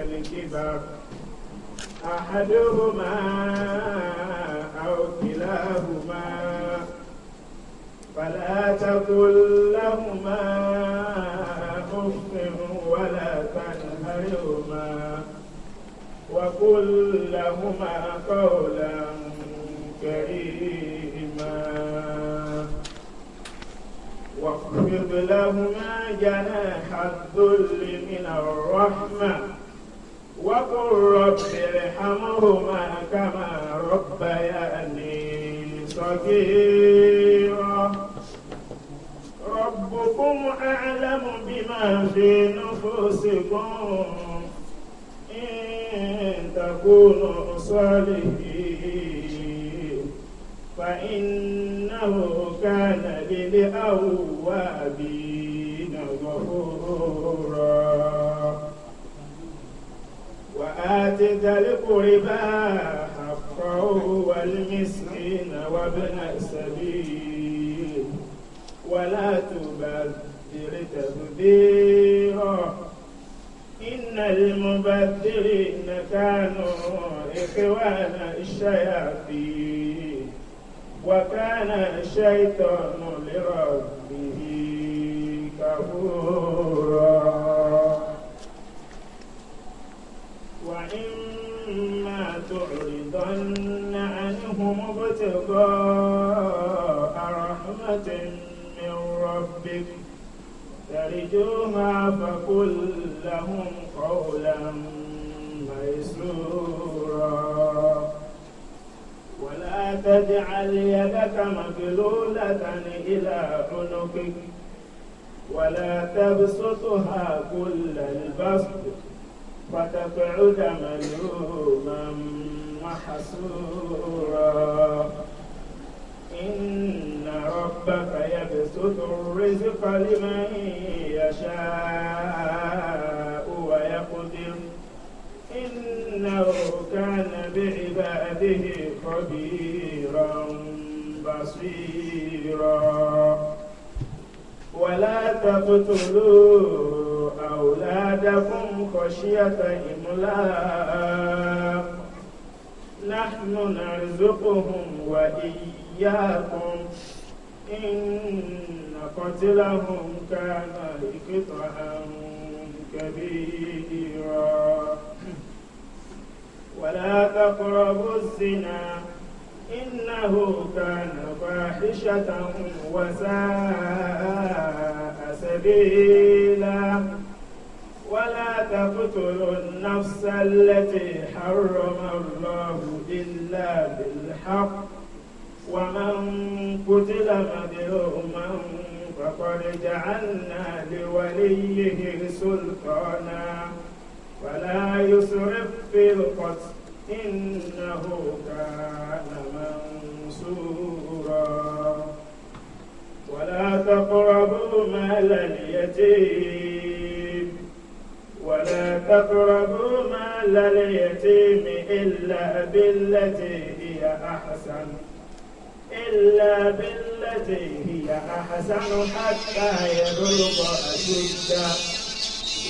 الكبر أحدهما أو كلاهما فلا تقل لهما أف ولا تنهرهما وقل لهما قولا كريما واخفض لهما جناح الذل من الرحمه وقل رب ارحمهما كما ربياني صغيرا ربكم أعلم بما في نفوسكم إن تكونوا صالحين فإنه كان للأوابين آت ذا القربى حقه والمسكين وابن السبيل ولا تبذر تبذيرا إن المبذرين كانوا إخوان الشياطين وكان الشيطان لربه كفورا تعرضن عنهم ابتغاء رحمة من ربك ترجوها فقل لهم قولا ميسورا ولا تجعل يدك مبلولة إلى عنقك ولا تبسطها كل البسط وتقعد ملوما محسورا إن ربك يبسط الرزق لمن يشاء ويقدر إنه كان بعباده خبيرا بصيرا ولا تقتلوه أولادكم خشية إملاق نحن نرزقهم وإياكم إن قتلهم كان خطأ كبيرا ولا تقربوا الزنا إنه كان فاحشة وساء سبيلا ولا تقتلوا النفس التي حرم الله إلا بالحق ومن قتل مظلوما فقد جعلنا لوليه سلطانا ولا يسرف في القتل إنه كان منصورا ولا تقربوا مال اليتيم ولا تقربوا مال اليتيم إلا بالتي هي أحسن إلا بالتي هي أحسن حتى يبلغ أشده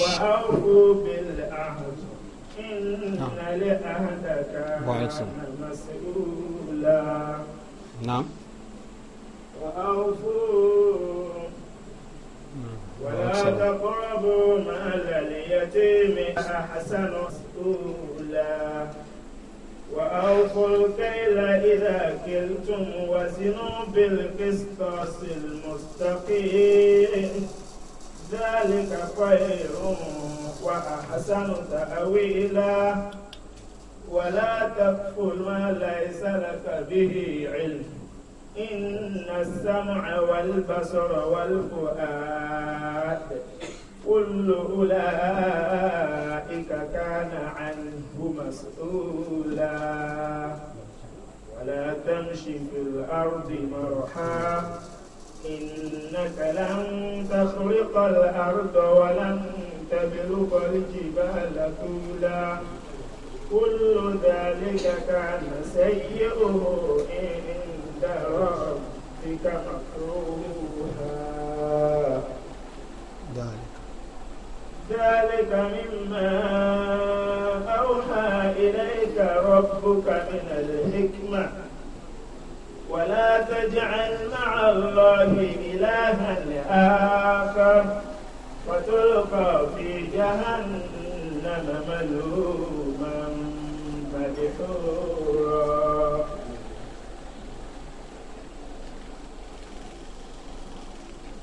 وأوفوا بالعهد إن العهد نعم. كان مسؤولا نعم وأوفوا ولا تقربوا مال اليتيم أحسن سؤولا وأوفوا الكيل إذا كلتم وزنوا بالقسطاس المستقيم ذلك خير وأحسن تأويلا ولا تقف ما ليس لك به علم إن السمع والبصر والفؤاد كل أولئك كان عنه مسؤولا ولا تمش في الأرض مرحا إنك لن تخرق الأرض ولن تبلغ الجبال طولا كل ذلك كان سيئه إن ربك مكروها ذلك ذلك مما أوحى إليك ربك من الحكمة ولا تجعل مع الله إلها آخر وتلقى في جهنم ملوما مدحورا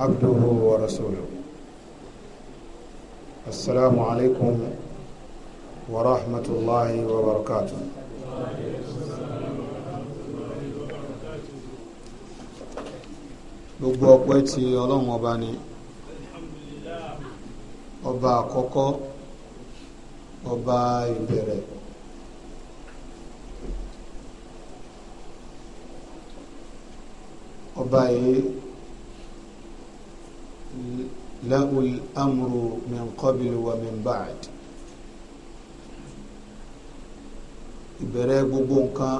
عبده ورسوله السلام عليكم ورحمة الله وبركاته gbogbo ọpẹ́ tí Ọlọ́run ọba ni ọba àkọ́kọ́ ọba ìbẹ̀rẹ̀ ọba yìí له الأمر من قبل ومن بعد ìbẹ̀rẹ̀ gbogbo nǹkan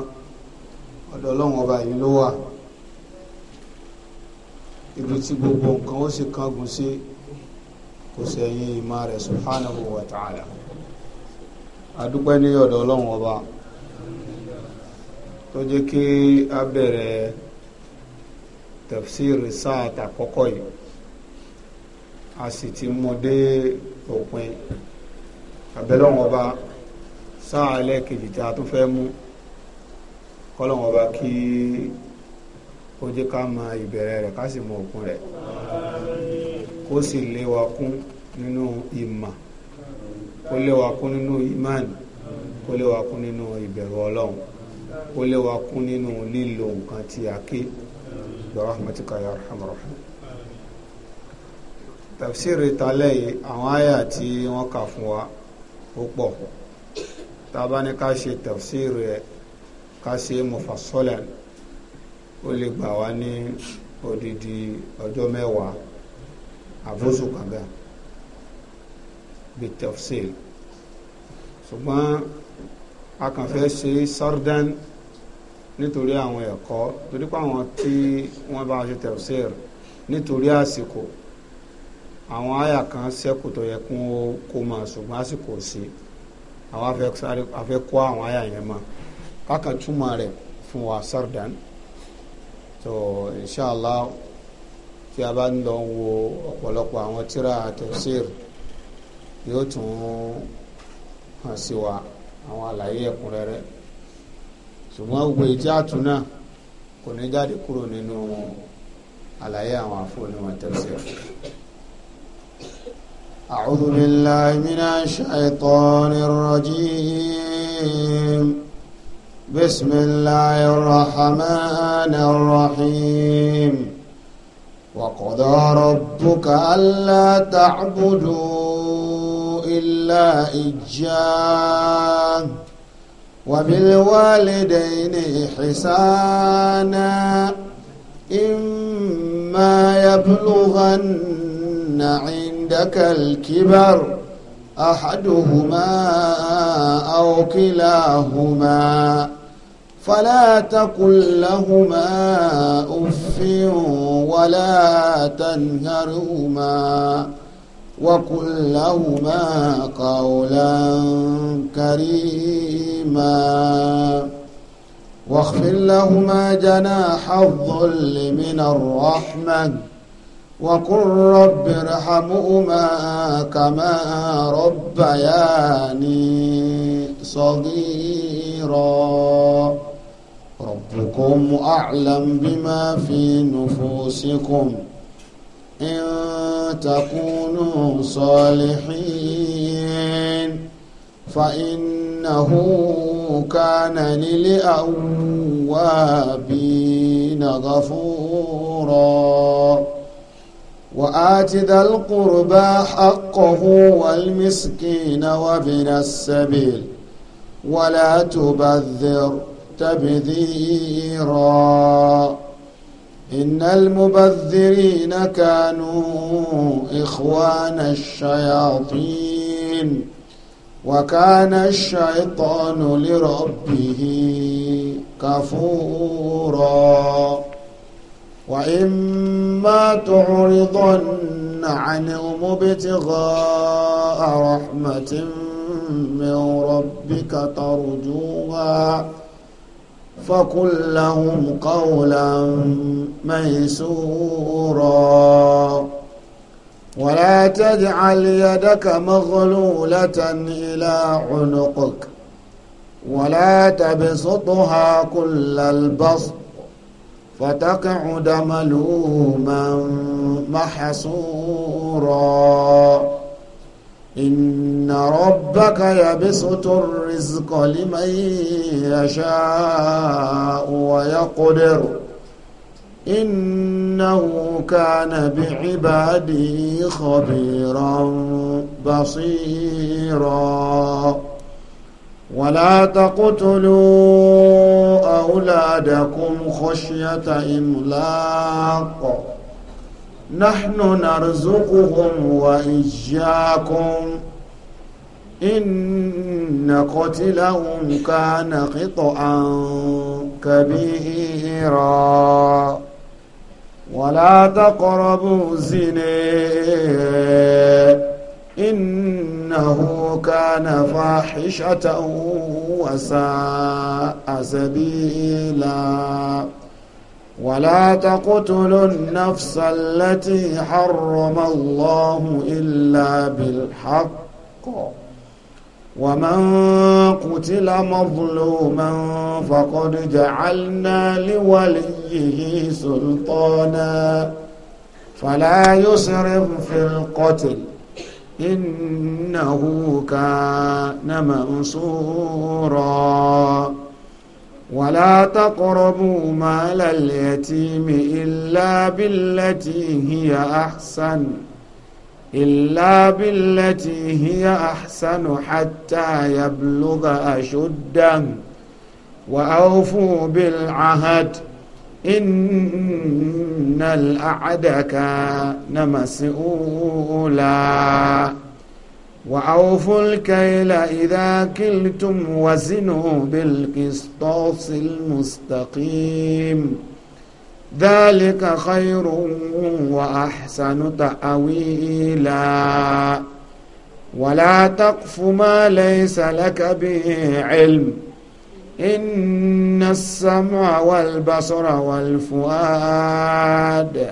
ọ̀dọ̀ ọlọ́run ọba yìí ló wà ibi tí gbogbo nǹkan ó sì kángun sí kò sẹ́yìn ìmọ̀ rẹ̀ subhanahu wa adúpẹ́ ní ọ̀dọ̀ ọlọ́run ọba tó jẹ́ kí a bẹ̀rẹ̀ tafsir sáà tàkọ́kọ́ yìí a sì ti mú dé òpin àbẹ́lọ́wọ́n ọba sáà ẹlẹ́ẹ̀kejì tí a tún fẹ́ mú kọ́lọ́wọ́n ọba kí ó jẹ́ ká mọ ìbẹ̀rẹ̀ rẹ̀ ká sì mọ òpin rẹ̀ kó sì lé wa kún nínú ìmọ̀ kó lé wa kún nínú ìmánì kó lé wa kún nínú ìbẹ̀rù ọlọ́run kó lé wa kún nínú lílo nǹkan tí a ké bi rahmatika ya tafsiri talẹ́ yìí àwọn àyà tí wọ́n kà fún wa ó pọ̀ tá ní ká ṣe tafsiri ẹ̀ ká ṣe mufassalan ó lè gbà wá ní odidi ọjọ́ mẹ́wàá àbóṣù kànga bíi tafsir ṣùgbọ́n a kàn fẹ́ ṣe sardan nítorí àwọn ẹ̀kọ́ torí pé àwọn tí wọ́n bá ṣe tafsir nítorí àsìkò àwọn àyà kan ṣẹ́kù tó yẹ kó kó máa ṣùgbọ́n àsìkò sí àwọn afẹ́ kó àwọn àyà yẹn mọ́ kákan túmọ̀ rẹ̀ fún wa sardan tó inṣàlá tí a bá ń lọ wo ọ̀pọ̀lọpọ̀ àwọn tíra tafsir yóò tún hàn sí wa àwọn àlàyé ẹ̀kúnrẹ́rẹ́ ṣùgbọ́n gbogbo ìjà àtún náà kò ní jáde kúrò nínú àlàyé àwọn àfọ̀nù àtẹ̀sẹ̀. أعوذ بالله من الشيطان الرجيم بسم الله الرحمن الرحيم وقضى ربك ألا تعبدوا إلا إجاه وبالوالدين إحسانا إما يبلغن عين عندك الكبر أحدهما أو كلاهما فلا تقل لهما أف ولا تنهرهما وقل لهما قولا كريما واخفر لهما جناح الظل من الرحمه وقل رب ارحمهما كما ربياني صغيرا ربكم أعلم بما في نفوسكم إن تكونوا صالحين فإنه كان للأوابين غفوراً وآت ذا القربى حقه والمسكين وابن السبيل ولا تبذر تبذيرا إن المبذرين كانوا إخوان الشياطين وكان الشيطان لربه كفوراً وإما تعرضن عنهم ابتغاء رحمة من ربك ترجوها فقل لهم قولا ميسورا ولا تجعل يدك مغلولة إلى عنقك ولا تبسطها كل البسط فتقعد ملوما محصورا إن ربك يبسط الرزق لمن يشاء ويقدر إنه كان بعباده خبيرا بصيرا ولا تقتلوا أولادكم خشية إملاق نحن نرزقهم وإياكم إن قتلهم كان خطأ كبيرا ولا تقربوا الزنا إن إنه كان فاحشة وساء سبيلا ولا تقتلوا النفس التي حرم الله إلا بالحق ومن قتل مظلوما فقد جعلنا لوليه سلطانا فلا يسرف في القتل إنه كان منصورا ولا تقربوا مال اليتيم إلا بالتي هي أحسن إلا بالتي هي أحسن حتى يبلغ أشده وأوفوا بالعهد ۖ إن الأعد كان مسئولا وأوفوا الكيل إذا كلتم وزنوا بالقسطاس المستقيم ذلك خير وأحسن تأويلا ولا تقف ما ليس لك به علم إن السمع والبصر والفؤاد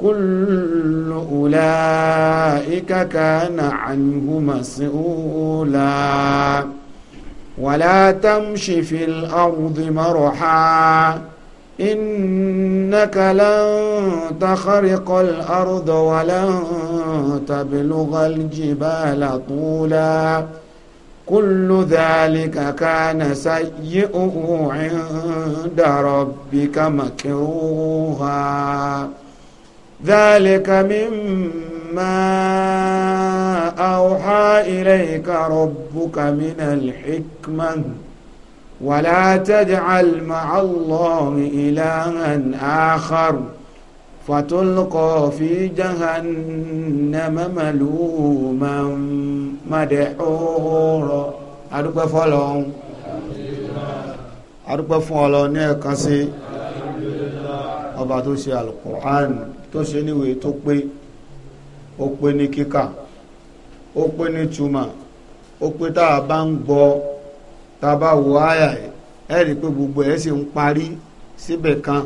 كل أولئك كان عنه مسؤولا ولا تمش في الأرض مرحا إنك لن تخرق الأرض ولن تبلغ الجبال طولا كل ذلك كان سيئه عند ربك مكروها ذلك مما أوحى إليك ربك من الحكمة ولا تجعل مع الله إلها آخر فتلقى في جهنم ملوما مدحورا adúpẹ́ fọ́lọ́hún adúpẹ́ fún ọlọ́hún ní ẹ̀kan sí ọba tó ṣe alukur'an tó ṣe níwèé tó pé ó pé ní kíkà ó pé ní túmọ̀ ó pé tá a bá ń gbọ́ tá a bá wo àyà ẹ̀ ẹ̀ rí i pé gbogbo ẹ̀ sì ń parí síbẹ̀ kan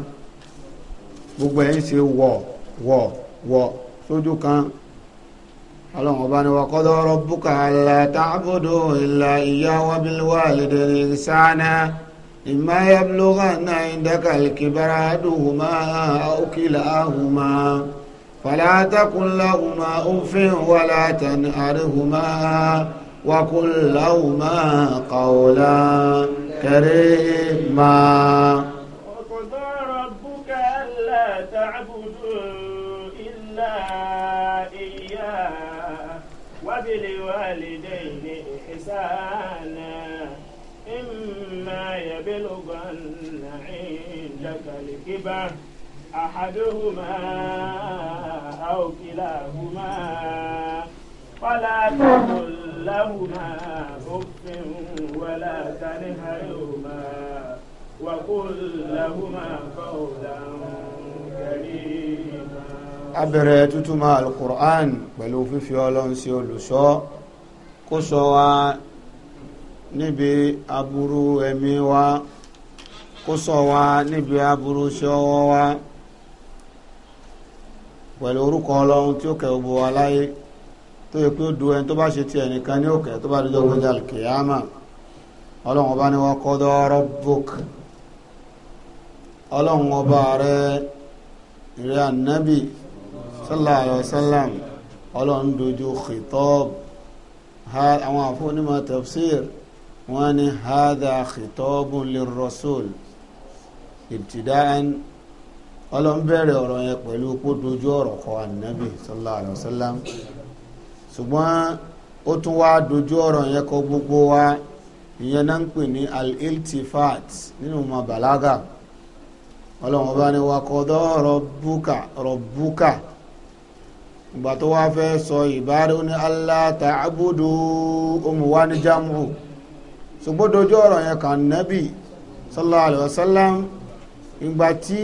gbogbo ẹ̀ ń ṣe wọ̀ wọ̀ wọ̀ sójú kan ọlọ́run ọba ni wà qada rabbuka alla ta'budu illa iyyahu wa bil walidayni ihsana imma yablughanna indaka al-kibara ahaduhuma aw kilahuma fala taqul lahuma uffin wala tanharhuma wa qul lahuma qawlan إحسانا إما يبلغن عندك الكبر أحدهما أو كلاهما فلا تقل لهما أف ولا تنهرهما وقل لهما قولا كريما abẹ̀rẹ̀ tuntun ma alukur'an pẹ̀lú fífi ọlọ́run sí kó sọ wa níbi aburú ẹ̀mí wa kó sọ wa níbi aburú ṣe ọwọ́ wa pẹ̀lú orúkọ ọlọ́run tí ó kẹ́ gbogbo wa láyé tó yẹ pé ó du ẹni tó bá ṣe ti ẹnìkan ní òkè tó bá dúdọ́ gbọ́dọ̀ àlùkìyàmà ọlọ́run ọba ni wọ́n kọ́ dọ́ọ́rọ́ bókè ọlọ́run ọba rẹ ìrẹ́ ànábì sallallahu alaihi wasallam ọlọ́run dojú khitab àwọn àfọ onímọ̀ tafsir wọ́n ní hadha khitabun lirrasul ibtida'an ọlọ́nbẹ̀rẹ̀ ọ̀rọ̀ yẹn pẹ̀lú kó dojú ọ̀rọ̀ kọ ànábì sallallahu alayhi wa sallam ṣùgbọ́n ó tún wá dojú ọ̀rọ̀ yẹn kọ gbogbo wa ìyẹn náà ń pè ní al-iltifat nínú ma balaga ọlọ́run ọba ni wa qada rabbuka rabbuka ìgbà tó wá fẹ́ sọ ìbára ó ní Allah ta'budu um òmùwá ní jámù ṣùgbọ́n dojú ọ̀rọ̀ yẹn kan nẹ́bì sallallahu alaihi wasallam ìgbà tí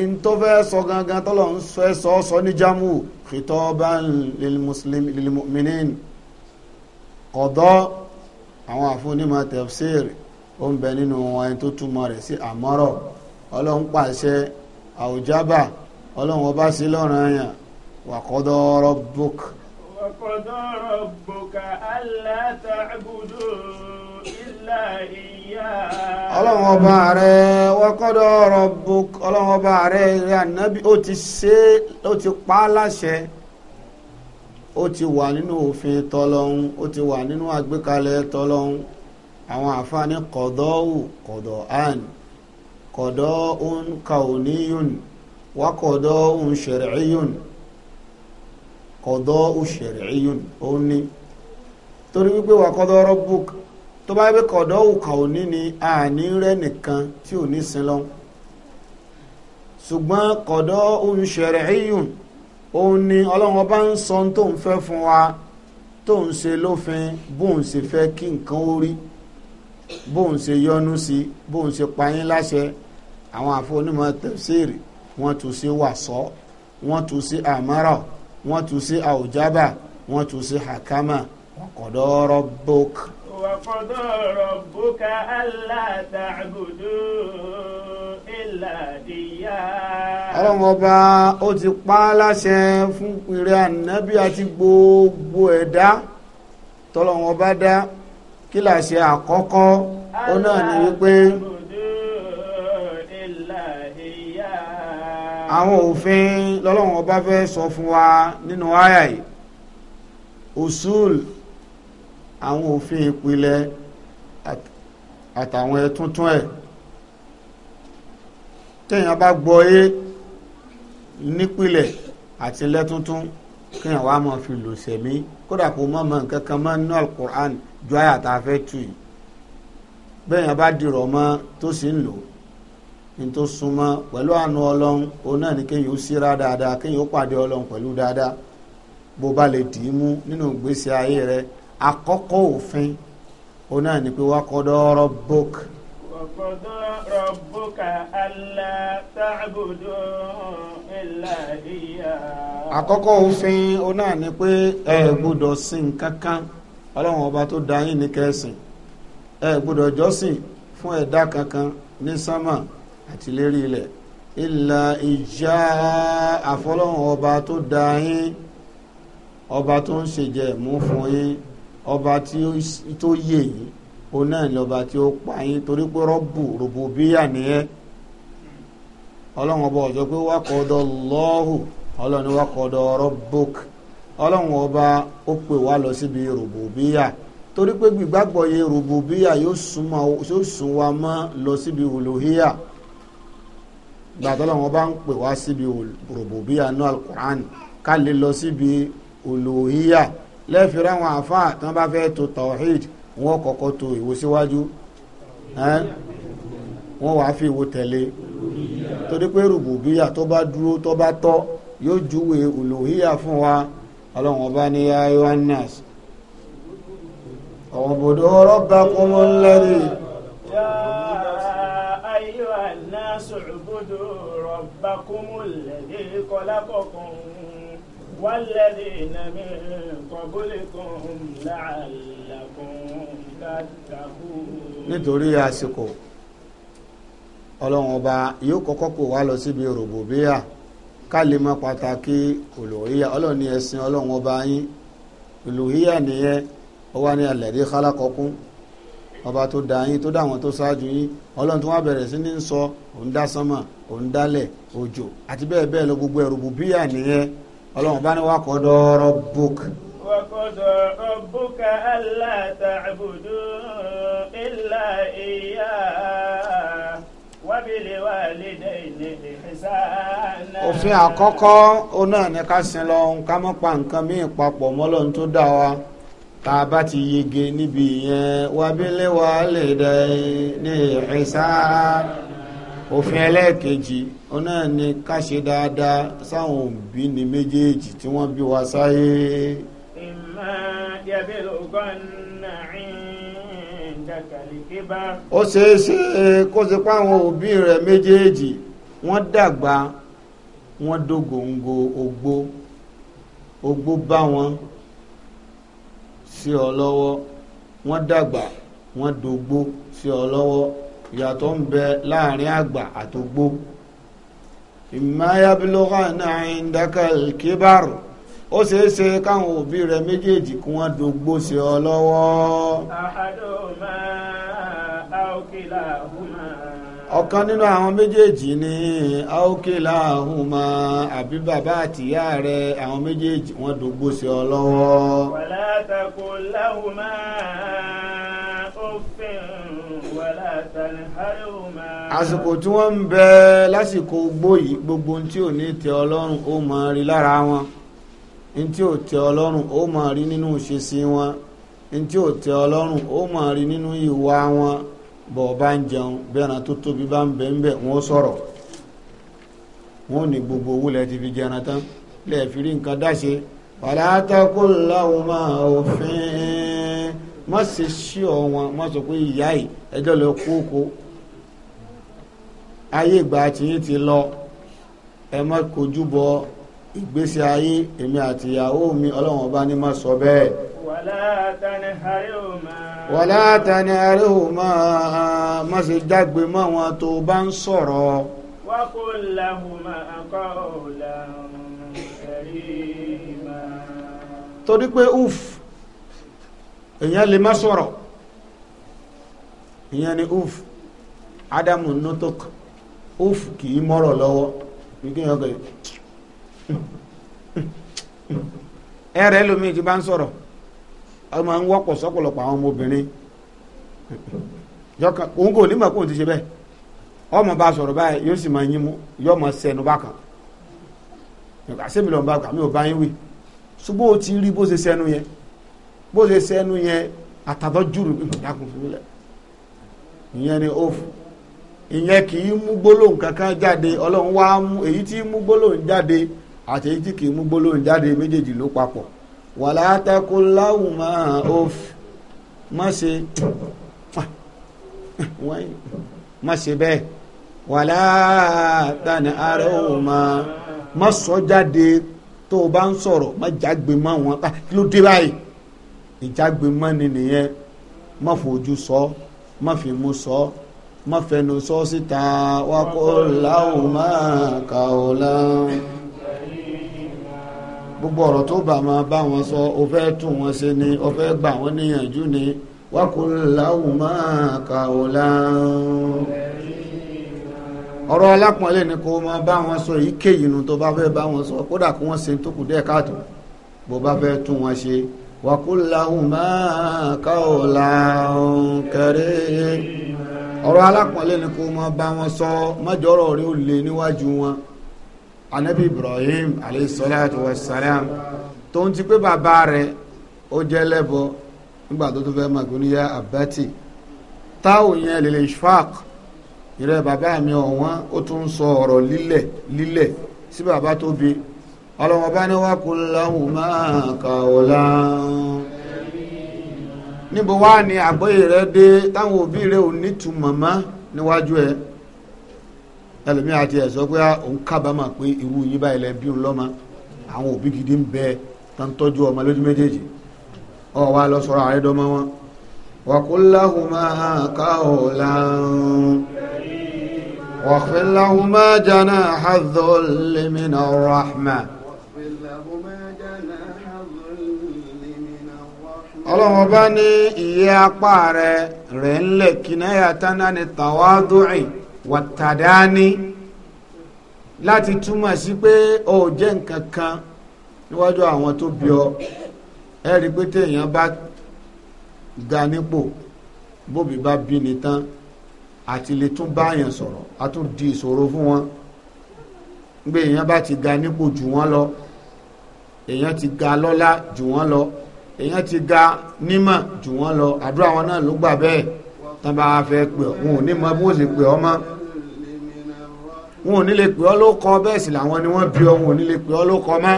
in tó fẹ́ sọ gangan tó lọ ń fẹ́ sọ sọ ní jámù khitaban lil muslim lil mu'minin ọ̀dọ́ àwọn àfúnímọ̀ tafsir ó ń bẹ nínú wọn tó túmọ̀ rẹ̀ sí àmọ́rọ̀ ọlọ́run pàṣẹ àwùjábà ọlọ́run ọba sí lọ́rùn ẹ̀yàn وقضى ربك وقضى ربك ألا تعبدوا إلا إياه ọlọ́run ọba rẹ̀ وقضى ربك ọlọ́run ọba rẹ̀ rẹ̀ ànábì ó ti ṣe ó ti pa á láṣẹ ó ti wà nínú òfin tọlọ́hun ó ti wà nínú àgbékalẹ̀ tọlọ́hun àwọn àfáàní kọ̀dọ́wù kọ̀dọ̀ àn kọ̀dọ̀ òun kàóníyùn wákọ̀dọ̀ òun ṣẹ̀rẹ̀ẹ́yùn kọ̀dọ̀ òṣèré iyun ó ní torí wípé wà kọ́dọ̀ rọ́bùk tó bá wípé kọ̀dọ̀ òkà òní ni àní rẹ̀ nìkan tí ò ní sin lọ ṣùgbọ́n kọ̀dọ̀ òṣèré iyun ó ní ọlọ́run ọba ń sọ tó ń fẹ́ fún wa tó ń ṣe lófin bóun ṣe fẹ́ kí nǹkan ó rí bóun ṣe yọnu sí bóun ṣe payín láṣẹ àwọn àfọ onímọ̀ tẹ̀síìrì wọ́n tún ṣe wàsọ́ wọ́n tún ṣe àmọ́ràn wọ́n tú sí àwùjábà wọ́n tú sí hakama ọ̀kọ̀dọ̀ rabbuk. وقضى ربك ألا تعبدوا إلا إياه. ọlọ́run ọba ó ti pa á láṣẹ fún ìrẹ́ ànábì àti gbogbo ẹ̀dá tọ́lọ́run ọba dá kí láṣẹ àkọ́kọ́ ó náà ní wípé. àwọn òfin lọ́lọ́run ọba fẹ́ sọ fún wa nínú àyà yìí usul àwọn òfin ìpìlẹ̀ àtàwọn ẹ̀túntún ẹ̀ téèyàn bá gbọ́ yé nípìlẹ̀ àti lẹ́túntún kéèyàn wá máa fi lò sẹ̀mí kódà kó má mọ nǹkan kan mọ́ nínú alukur'an ju àyà tá a fẹ́ tù yìí bẹ́ẹ̀ yẹn bá dìrọ̀ mọ́ tó sì ń lò ó ní tó súnmọ́ pẹ̀lú àánú ọlọ́run òun náà ni kéèyàn ó síra dáadáa kéèyàn ó pàdé ọlọ́run pẹ̀lú dáadáa bó bá lè dì í mú nínú ìgbésí ayé rẹ akọ́kọ́ òfin òun náà ni pé wá kọ́dọ̀ ọ̀rọ̀ òfin òun náà ni kankan ọlọ́run ọba tó dá yín ní kẹ́sìn ẹ gbọ́dọ̀ jọ́sìn kankan ní sánmà àti lérí ilẹ̀ ìlà ìjà àfọlọ́hún ọba tó dá yín ọba tó ń ṣèjẹ mú fún yín ọba tó yé yín òun náà ni ọba tí ó pa yín torí pé rọ́bù rùbùbíyà nìyẹn ọlọ́run ọba ọ̀jọ́ pé wákọ̀ọ́dọ̀ lọ́hù ọlọ́run wákọ̀ọ́dọ̀ rọ́bùk ọlọ́run ọba ó pè wá lọ síbi rùbùbíyà torí pé gbígbàgbọ́ yẹ rùbùbíyà yóò sún wa mọ́ lọ síbi olùhíyà gbàtọ́lọ́ wọn bá ń pè wá síbi rògbòbíyà náà alukur'an ká lè lọ síbi olùhíyà lẹ́ẹ̀fìrí àwọn àfáà tán bá fẹ́ to tawhid wọn kọ́kọ́ to ìwo síwájú wọn wàá fi ìwo tẹ̀lé torí pé rògbòbíyà tó bá dúró tó bá tọ́ yóò júwe olùhíyà fún wa ọlọ́run ọba ní yohannes ọ̀wọ̀n bòdó rabbakumul ladhi. أيها الناس اعبدوا ربكم الذي خلقكم والذين من قبلكم لعلكم تتقون nítorí àsìkò ọlọ́run ọba yóò kọ́kọ́ kó wá lọ síbi rògbòbíyà ká lè mọ pàtàkì olùhíyà ọlọ́run ní ẹ̀sìn ọlọ́run ọba yín olùhíyà nìyẹn ó wá ní alladhi khalaqakum ọba tó da, yín tó dá àwọn tó ṣáájú yín ọlọ́run tó wá bẹ̀rẹ̀ sí ní sọ òun dá sánmà òun dálẹ̀ òjò àti bẹ́ẹ̀ bẹ́ẹ̀ lọ gbogbo ẹ̀rù bùbíyà nìyẹn ọlọ́run bá ní wà kọ́ dọ́ọ́rọ́ book. wà kọ́ dọ́ọ́rọ́ book alla ta'budu illa iya wa bil walidayni ihsana. òfin àkọ́kọ́ ó náà ní ká sin lọ́hún ká má pa nǹkan míì papọ̀ mọ́ lọ́hún tó dá wa tá a bá ti yege níbi yẹn wabílẹ̀ wà lè dẹ̀ ní ìṣá òfin ẹlẹ́ẹ̀kejì ọ̀nà ni ká ṣe dáadáa sáwọn òbí ni méjèèjì tí wọ́n bí wa sáyé. ó ṣeéṣe kó ṣe pé àwọn òbí rẹ̀ méjèèjì wọ́n dàgbà wọ́n dógóńgó ogbó ogbó bá wọn sí ọ lọ́wọ́ wọ́n dàgbà wọ́n dògbó sí ọ lọ́wọ́ ìyàtọ̀ ń bẹ láàrin àgbà àtògbó imma yablughana indakal kibar ó ṣeé ṣe káwọn òbí rẹ méjèèjì kí wọ́n dògbó sí ọ lọ́wọ́. àhàdó máa àókè làwọn ọ̀kan nínú àwọn méjèèjì ni aókèlà ahùnmá àbí bàbá àtìyá rẹ àwọn méjèèjì wọ́n dògbò sí ọ lọ́wọ́. wàlá takò láhùnmá òfin wàlá tanihárùnmá. àsìkò tí wọ́n ń bẹ lásìkò gbòyí gbogbo tí ò ní tẹ ọlọ́run ó mọ̀ rí lára wọn ohun tí ò tẹ ọlọ́run ó mọ̀ rí nínú ìṣesí wọn ohun tí ò tẹ ọlọ́run ó mọ̀ rí nínú ìwà wọn. bọ́ ọ bá ń jẹun bí ẹran tó tóbi bá ń bẹ̀ ń bẹ̀ wọ́n sọ̀rọ̀ wọ́n ní gbogbo owó lẹ́ ti fi jẹran tán lẹ́ẹ̀ fi rí nǹkan dáṣe pàdátàkó láwọn máa òfin má ṣe sí ọ wọn má sọ pé ìyá yìí ẹjọ́ lọ kókó ayé ìgbà tiyín ti lọ ẹ má kojú bọ ìgbésí ayé èmi àtìyàwó mi ọlọ́wọ́n bá ní má sọ bẹ́ẹ̀. wàlá tani àríhùmá má fi dágbe mọ́ wọn tó bá ń sọ̀rọ̀. wákòláhùmá akọ́ọ̀lá karima. torí pé uf èèyàn lè má sọ̀rọ̀ ìyẹn ni uf adamu nutok uf kì í mọ́rọ̀ lọ́wọ́ ẹ̀rẹ́ lómi ti bá ń sọ̀rọ̀ a máa ń wọ́pọ̀ sọ́pọ̀lọpọ̀ àwọn ọmọbìnrin yọkàn òun kò ní mọ̀ kóun ti ṣe bẹ́ẹ̀ ọmọ bá sọ̀rọ̀ báyìí yóò sì máa yín mú yóò máa sẹnu bákan yọkàn sẹ́mi lọ́nba àmì ò bá yín wì ṣùgbọ́n o ti rí bó ṣe sẹnu yẹn bó ṣe sẹnu yẹn àtàdọ́ jùlọ ìmọ̀dákùn fún mi lẹ̀ ìyẹn ni ó fún ìyẹn kì í mú gbólóhùn kankan jáde ọlọ́run wá mú èyí tí mú gbólóhùn jáde àti èyí tí kì í mú gbólóhùn jáde méjèèjì ló papọ̀ wàlá takun láwùmá of má ṣe má ṣe bẹ́ẹ̀ wàlá tani ara òmà má sọ jáde tó o bá ń sọ̀rọ̀ má jágbe mọ́ wọn ah, kí ló dé báyìí ìjágbe mọ́ ni nìyẹn má fojú sọ má fi mú sọ má fẹnu sọ síta wákò láwùmá kàó láwùmá gbogbo ọ̀rọ̀ tó bá máa bá wọn sọ o fẹ́ tún wọn ṣe ni o fẹ́ gbà wọ́n níyànjú ni wákòláwù máa kà ó láàrún ọ̀rọ̀ alápọ̀nlé ni kò máa bá wọn sọ èyíkéyìí nu tó bá fẹ́ bá wọn sọ kódà kí wọ́n ṣe tó kù díẹ̀ káàtó bó bá fẹ́ tún wọn ṣe wákòláwù máa kà ó láàrún kẹrẹ́ ọ̀rọ̀ alápọ̀nlé ni kò máa bá wọn sọ mọ́jọ́rọ̀ rí ó lè níwájú wọn anabi ibrahim alayhi salatu wa salam tó ń ti pé bàbá rẹ̀ ó jẹ́ lẹ́bọ nígbà tó tó fẹ́ máa gbóni yá abati táwọn yẹn lè lè shfaq ìrẹ́ bàbá mi ọ̀wọ́n ó tún ń sọ ọ̀rọ̀ lílẹ̀ lílẹ̀ sí bàbá tó bi ọlọ́wọ́n bá ní wàá kú láwùn máa kà ó láwọn níbo wá ni àgbọ́yé rẹ dé táwọn òbí rẹ ò ní tu màmá níwájú ẹ ẹlòmí àti ẹ̀ sọ pé òun kábàámà pé irú yín báyìí lẹ bí òun lọ́mọ àwọn òbí gidi ń bẹ tán tọ́jú ọmọ lójú méjèèjì ọ wá lọ sọ̀rọ̀ àrídọ́mọ wọn وقل لهما قولا واخفض لهما جناح الذل من ní ìyẹ́ apá rẹ̀ rẹ̀ ń lè kí náà yàtọ̀ náà ní tàwádùn wàtàdáni láti túmọ̀ sí pé ó jẹ́ nǹkan kan níwájú àwọn tó bí ọ ẹ rí i pé téèyàn bá ga nípò bóbi bá bí ni tán àti lè tún báyàn sọ̀rọ̀ a tún di ìṣòro fún wọn gbé èèyàn bá ti ga nípò jù wọ́n lọ èèyàn ti ga lọ́lá jù wọ́n lọ èèyàn ti ga nímọ̀ jù wọ́n lọ àdúrà wọn náà ló gbà bẹ́ẹ̀ tán bá fẹ́ pè ọ́ wọn ò ní mọ bó ṣe pè ọ́ mọ́ wọn ò ní lè pè ọ́ ló kọ́ bẹ́ẹ̀ sì làwọn ni wọ́n bí ọ wọn ò ní lè pè ọ́ ló kọ́ mọ́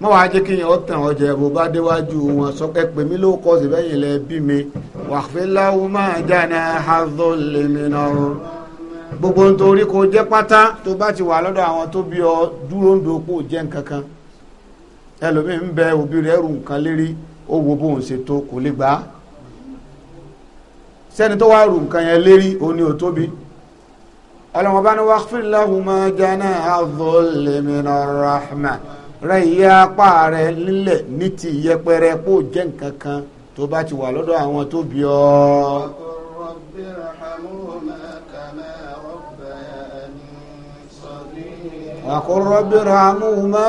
mọ́ wàá jẹ́ kí yẹn ó tàn ọjà ẹ̀bù bá déwájú wọn sọ pé pèmí ló kọ́ sí bẹ́yìn lẹ bí mi wàfẹ́ láwù máa jáde àhàzọ́ lèmi náà gbogbo nítorí kò jẹ́ pátá tó bá ti wà lọ́dọ̀ àwọn tó bí ọ dúró ń dopò jẹ́ nǹkan kan ẹlòmíín bẹ òbí rẹ̀ rù nǹkan lérí ó wo bóun ṣe kò lè gbà sẹ́ni tó wá rù nǹkan yẹn lérí òun ni ò tóbi ọlọ́wọ́n bá ní waghfir lahuma janaha dhulli mina rahma rẹ̀ yẹ apá rẹ̀ nílẹ̀ ní ti yẹpẹrẹ kó jẹ́ nǹkan kan tó bá ti wà lọ́dọ̀ àwọn tó bí ọ́. waqur rabbi irhamhuma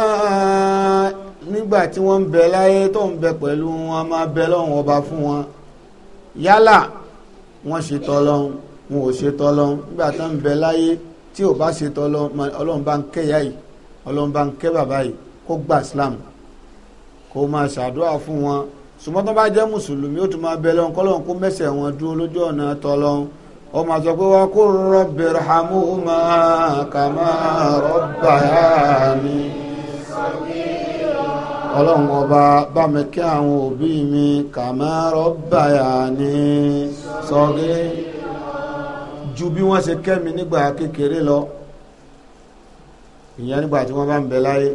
nígbà tí wọ́n ń bẹ láyé tó ń bẹ pẹ̀lú wọn máa bẹ lọ́wọ́n ọba fún wọn yálà wọ́n ṣe tọ́lọ́hún wọn ò ṣe tọ́lọ́hún nígbà tó ń bẹ láyé tí ò bá ṣe tọ́lọ́hún ọlọ́run bá ń kẹ́yà yìí ọlọ́run bá ń kẹ́ bàbá yìí kó gba islam kó máa ṣàdúrà fún wọn ṣùgbọ́n tó bá jẹ́ mùsùlùmí ó tún máa bẹ lọ́hún kọ́lọ́hún kó mẹ́sẹ̀ wọn dúró lójú ọ̀nà tọ́lọ́hún wọ́n máa sọ pé wọ́n kó rabbi irhamuhuma kama rabbayani ọlọ́run ọba bá mi kí àwọn òbí mi kàmẹ́rọ bàyà ní sọ́gé ju bí wọ́n ṣe kẹ́ mi nígbà kékeré lọ ìyẹn nígbà tí wọ́n bá ń bẹ láyé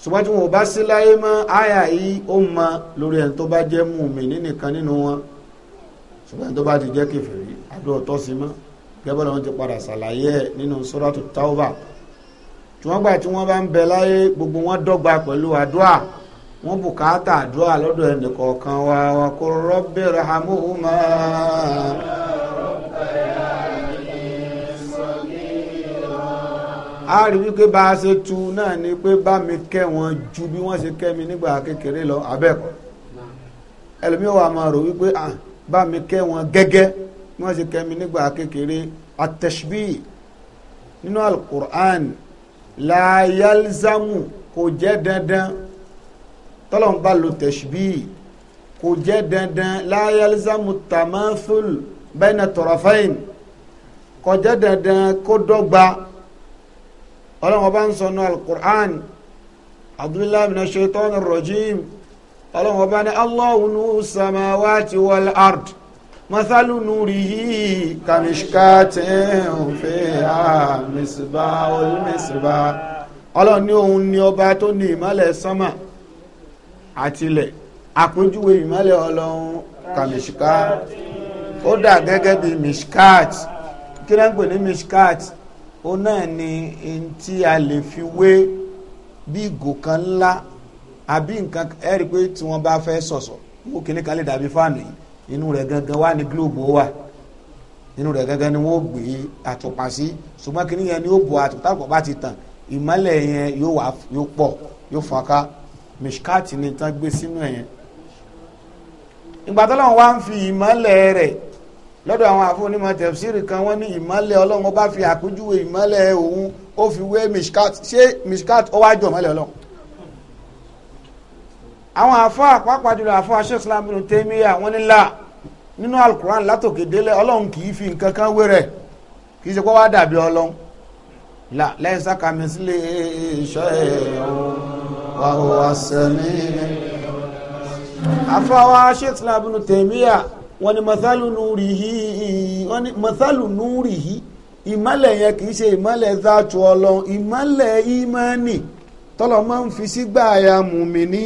ṣùgbọ́n tí wọn ò bá sí láyé mọ́ àyà yìí ó mọ lórí ẹni tó bá jẹ́ mùmínì nìkan nínú wọn ṣùgbọ́n ẹni tó bá ti jẹ́ kèfèrí àdúrà tọ́ sí mọ́ gẹ́gẹ́ lọ́wọ́n ti padà ṣàlàyé ẹ̀ nínú Suratu Tawbah tí wọ́n gbà tí wọ́n bá ń bẹ láyé gbogbo wọn dọ́gba pẹ̀lú àdúrà wọ́n bùkátà àdúrà lọ́dọ̀ ẹnìkọ̀ọ̀kan wa wa kó rọ́bì rahamuhuma. a rí wípé bá a ṣe tu náà ni pé bá mi kẹ́ wọn ju bí wọ́n ṣe kẹ́ mi nígbà kékeré lọ abẹ́ẹ̀kọ́ ẹlòmíì wa máa rò wípé ah, bá mi kẹ́ wọn gẹ́gẹ́ bí wọ́n ṣe kẹ́ mi nígbà kékeré atẹ́sibí nínú alukur'an la yalzamu kò jẹ́ dandan tọ́lọ́n bá lo tẹ̀síbí kò jẹ́ dandan la yalzamu tamathul bayna tarafayn kò jẹ́ dandan kó dọ́gba ọlọ́run bá ń sọ nù alukur'an abdullahi mina shaitan rajim ọlọ́run bá ní allahu nuru samawati wal ard مثل نوره كمشكاة فيها مصباح المصباح ọlọ́run ní òun ni ọba tó ní ìmọ́lẹ̀ sánmà àtilẹ̀ àpèjúwe ìmọ́lẹ̀ ọlọ́run kàmìṣíká ó dà gẹ́gẹ́ bí mishkat kí ló ń pè ní mishkat ó náà ni n tí a lè fi wé bí ìgò kan ńlá àbí nǹkan ẹ rí i pé tí wọ́n bá fẹ́ sọ̀sọ̀ wọ́n kìíní kan lè dàbí fáànù yìí inú rẹ̀ gangan wà ní gílóòbù wà inú rẹ̀ gangan ni wọ́n gbé àtùpà sí ṣùgbọ́n kìíní yẹn ni ó bọ̀ àtùpà bá ti tàn ìmọ́lẹ̀ yẹn yóò wà yóò pọ̀ yóò fọ́nká mishkati ni tán gbé sínú ẹ̀yẹn ìgbà tọ́lọ́run wá ń fi ìmọ́lẹ̀ rẹ̀ lọ́dọ̀ àwọn àfọ̀nímọ̀ tẹ̀síìrì kan wọ́n ní ìmọ́lẹ̀ ọlọ́run bá fi àpèjúwe ìmọ́lẹ̀ òun ó fi wé mishkat ṣé mishkat ó wá jọ mọ́lẹ̀ ọlọ́run àwọn àfọ àpapàdùrọ̀ àfọ Sheikh Islam ibn Taymiyyah àwọn nílà nínú alukuran látòkè délẹ̀ ọlọ́run kì í fi nǹkan kan wé rẹ̀ kì í ṣe pé wá dàbí ọlọ́run lẹ́yìn sákàmì sílé iṣẹ́ ẹ̀rọ. وهو السميع àfáwá ṣètìlá abinu tèmíyà wọ́n ní mọ̀sálù núrì yìí wọ́n ní mọ̀sálù núrì yìí ìmọ̀lẹ̀ yẹn kì í ṣe ìmọ̀lẹ̀ záàtú ọlọ́run ìmọ̀lẹ̀ ìmọ̀nì tọ́lọ̀ máa ń fi sígbà ya mùmíní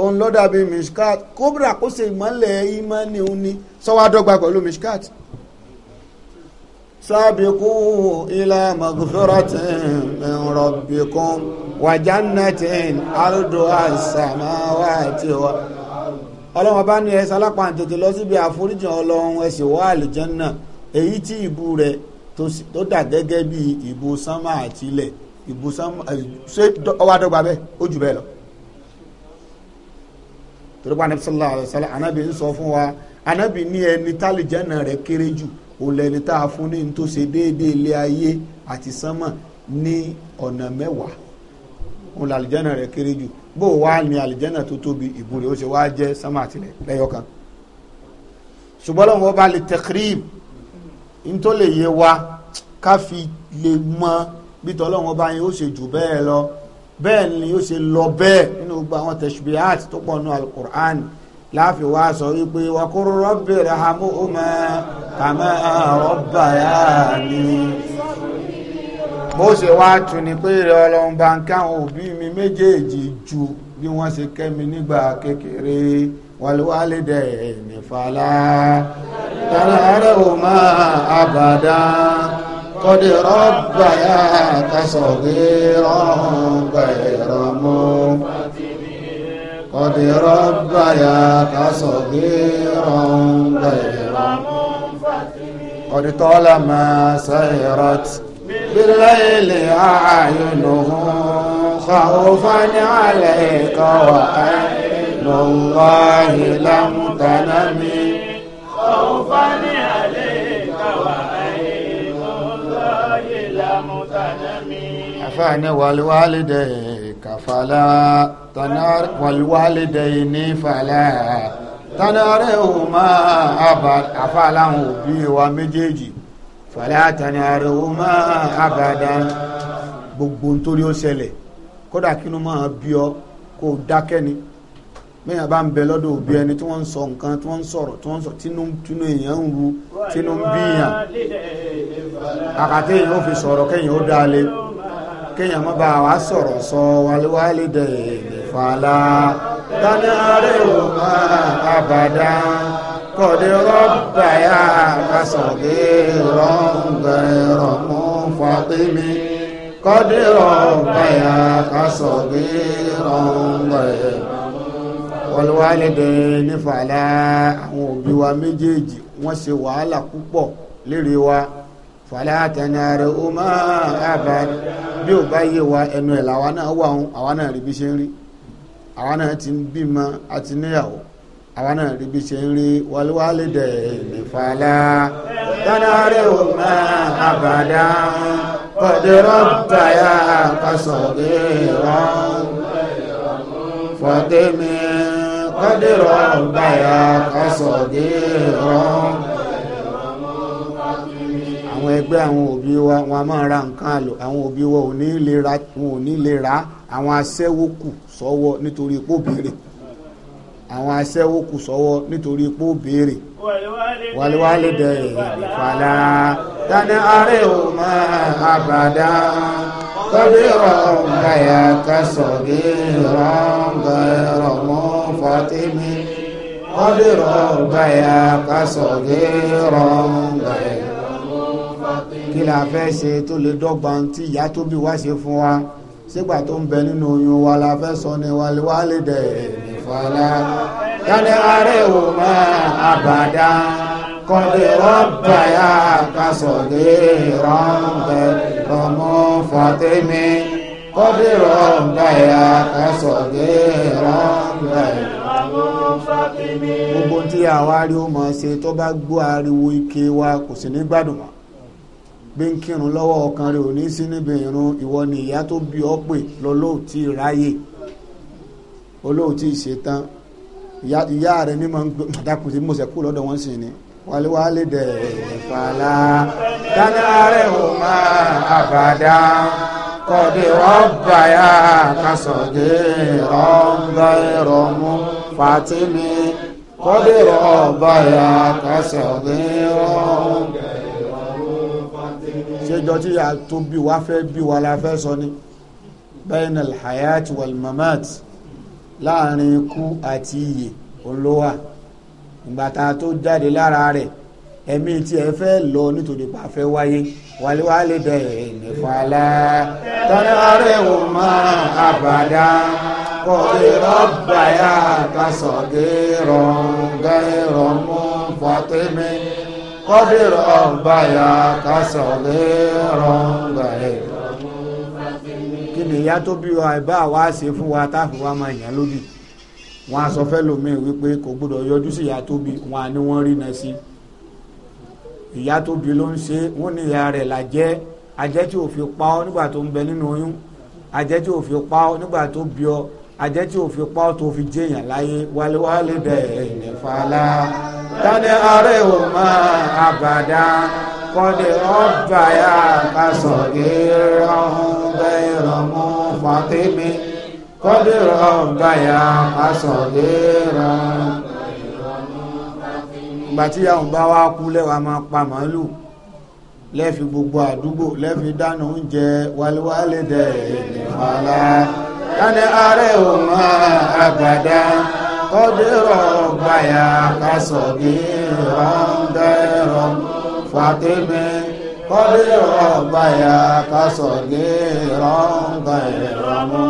òun ló dàbí mishkat kóbra kó ṣe ìmọ̀lẹ̀ ìmọ̀nì òun ni sọ́wádọ́gba pẹ̀lú mishkat سابقوا إلى مغفرة من ربكم وجنة عرضها السماوات ọlọ́run ọba ní ẹsẹ̀ alápàá tètè lọ síbi àforíjì ọlọ́run ẹsẹ̀ wà àlìjánná èyí tí ìbú rẹ̀ tó dà gẹ́gẹ́ bí ìbú sánmà àti ilẹ̀ ìbú sánmà ṣé ọwọ́ àdọ́gba bẹ́ẹ̀ ó jù bẹ́ẹ̀ lọ. torí pa anabi sallallahu alayhi wa anabi ń sọ fún wa anabi ní ẹni tálìjánná rẹ̀ kéré jù òun lẹni tá a fún ní tó ṣe déédéé ilé ayé àti sánmọ̀ ní ọ̀nà mẹ́wàá òun làlìjánà rẹ̀ kéré jù bó wá ní àlìjánà tó tóbi ìbùn rẹ̀ ó ṣe wá jẹ́ sánmọ̀ àtìlẹ̀ lẹ́yọkan ṣùgbọ́n lọ́wọ́ bá lè tẹ̀kírìm ní lè yé wa ká fi lè mọ bí tọ́lọ́wọ́n bá yẹn ó ṣe jù bẹ́ẹ̀ lọ bẹ́ẹ̀ ni ó ṣe lọ bẹ́ẹ̀ nínú gbogbo àwọn tẹ̀síbíyàt tó pọ̀ nù alukur'ani láàfin wá sọ wípé wàkúrú rọ́bì rẹ̀ hamú ọmọ kàmá rọ́bà yá ni. bó ṣe wá tún ni pé ìrẹ̀ ọlọ́run bá ń káwọn òbí mi méjèèjì ju bí wọ́n ṣe kẹ́ mi nígbà kékeré wàlúwàlẹ̀ dẹ̀ nìfàlà tààrà ọmọ àbàdà kọ́dé rọ́bà yá kásọ̀gé rọ́bà yá rọ́mọ́. قد ربياك صغيرا غير قد طالما سيرت بالليل أعينه خوفا عليك وعين الله لم تنم خوفا عليك وعين الله لم تنم أفاني والوالديك فلا تنار والوالدين فلا تنارهما أبدا أفعلهم òbí wa méjèèjì فلا تنارهما أبدا gbogbo nítorí ó ṣẹlẹ̀ kódà kínú ma bí ọ kó dákẹ́ ni mẹ́yàn bá ń bẹ lọ́dọ̀ òbí ẹni tí wọ́n ń sọ nǹkan tí wọ́n ń sọ̀rọ̀ tí wọ́n ń sọ tínú tínú èèyàn ń ru tínú ń bí yàn àkàtẹ́ èèyàn ó fi sọ̀rọ̀ kéèyàn ó dáa kéèyàn má bàa wá sọ̀rọ̀ sọ wálé wálé dẹ̀ èèyàn fàlà tánàrí ò máa àbàdà kọ̀dé rọ́bà yá kásọ̀gé rọ́ǹgẹ̀ rọ̀mú fàtími kọ̀dé rọ́bà yá kásọ̀gé rọ́ǹgẹ̀ wọlúwálẹ̀dẹ̀ nífàlà àwọn òbí wa méjèèjì wọ́n ṣe wàhálà púpọ̀ lérí wa fàlàtẹnẹrẹ ọmọ àbá bí ó bá yé wa ẹnu ẹ̀ làwa náà wà ń àwa náà rí bí ṣe ń rí awa na ti ń bímọ àti níyàwó àwa náà rí bí ṣe ń rí wàlúwàlédè nìfàlà tánárì òmà àbàdà kọdírọ tàyà kásọdé rán fọdémi kọdírọ tàyà kásọdé rán. ẹgbẹ́ àwọn òbí wa wọn a máa ra nǹkan àlò àwọn òbí wa ò ní lè ra wọn ò ní lè ra àwọn aṣẹ́wó kù sọ́wọ́ nítorí pé béèrè àwọn aṣẹ́wó kù sọ́wọ́ nítorí kí la fẹ́ ṣe tó lè dọ́gba tí ìyá tó bí wá ṣe fún wa sígbà tó ń bẹ nínú oyún wa la fẹ́ sọ ni wà wá lè dẹ̀ nìfàlà yálẹ ààrẹ ò ma. àbàdà kọ́lé rọ́bà yá kásọ̀dé rọ́ǹgẹ̀ rọ́mọ fàtẹ́mi kọ́lé rọ́bà yá kásọ̀dé rọ́ǹgẹ̀ rọ́mọ fàtẹ́mi. gbogbo tí àwa rí ó mọ̀ ṣe tó bá gbọ́ ariwo ike wa kò sì ní gbádùn mọ́ bí ń kírun lọ́wọ́ ọkàn rẹ̀ ò ní sí níbi ìrun ìwọ ni ìyá tó bí ọ pè lọ́lọ́ọ̀tì ráyè olóòtí ìṣetán ìyá rẹ̀ ní ma ń gbé mọ̀dákùn sí mọ̀sẹ̀ kú lọ́dọ̀ wọn sì ni wálé wálé dẹ̀ fàlà dáná rẹ̀ ò máa àbàdá kọ́dé ọ̀bà yá kásọ̀dé ọ̀gbà ẹ̀rọ mú fàtími kọ́dé ọ̀bà yá kásọ̀dé ọ̀gbà ẹ̀rọ mú ṣéjọ́ tí a tó bí wá fẹ́ bí wá la fẹ́ sọ ni bain alhayat wal mamat láàrin ikú àti iyè olówà ìgbàtà tó jáde lára rẹ̀ ẹ̀mí tí ẹ fẹ́ lọ nítorí pa fẹ́ wáyé wàlíwàlé dẹ̀ ìnìfàlà tọ́lárẹ̀ wò mọ́ àbàdà kọ́lé rọ́bà yá kásọ̀gé rọ̀ gẹ́rọ̀ mú fọ́tẹ́mẹ́ kọ́dìrọ̀ ọ̀bàyà kásọ̀lẹ̀ rọ̀ǹgàyẹ̀. kí ni ìyá tó bí wa ìbá wa ṣe fún wa táàfù wa máa yàn lódì wọn a sọ fẹ́ lómiì wípé kò gbọdọ̀ yọjú sí ìyá tó bí wọn a ní wọ́n rí náà sí ìyá tó bí ló ń ṣe wọn ní ìyá rẹ̀ là ajẹ́ tí ò fi pa ọ́ nígbà tó ń bẹ nínú oyún ajẹ́ tí ò fi pa ọ́ nígbà tó bí ọ́ ajẹ́ tí o fi pa ọ́ tó fi jẹ́yàn láyé wálewálé bẹ́ẹ̀ ní fàlà tani ara ò mọ àbàdà kọ́ni ọba ya kásọ̀ gírọ̀ bẹ́ẹ̀ rọ̀mú fàtẹ́mi kọ́ni ọba ya kásọ̀ gírọ̀. ìgbà tí yàwùn bá wá kú lẹ́wàá máa pa màálù lẹ́ẹ̀fi gbogbo àdúgbò lẹ́ẹ̀fi dáná oúnjẹ wálewálé dẹ̀ ní fàlà kálí ààrẹ ò mọ àgbàdá kọ́dúrọ̀ gbàyà kásọ̀gì rọ́ńdẹ́rọ̀ fàtẹ́mi kọ́dúrọ̀ gbàyà kásọ̀gì rọ́ńdẹ́rọ̀ mú.